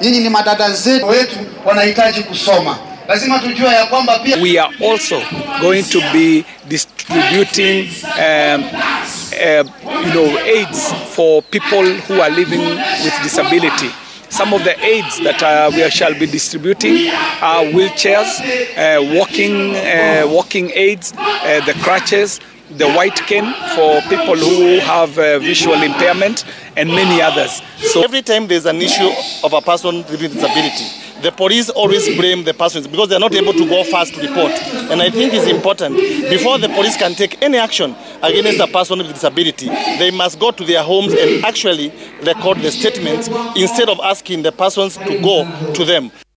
nyinyi ni madada zetu wetu, wanahitaji kusoma. Lazima tujue ya kwamba pia we are also going to be distributing um, uh, you know aids for people who are living with disability some of the aids that uh, we shall be distributing are wheelchairs, uh, walking, uh, walking aids, uh, the crutches, the white cane for people who have uh, visual impairment and many others. So every time there's an issue of a person with disability, the police always blame the person because they're not able to go fast to report. And I think it's important before the police can take any action against a person with disability, they must go to their homes and actually record the statements instead of asking the persons to go to them.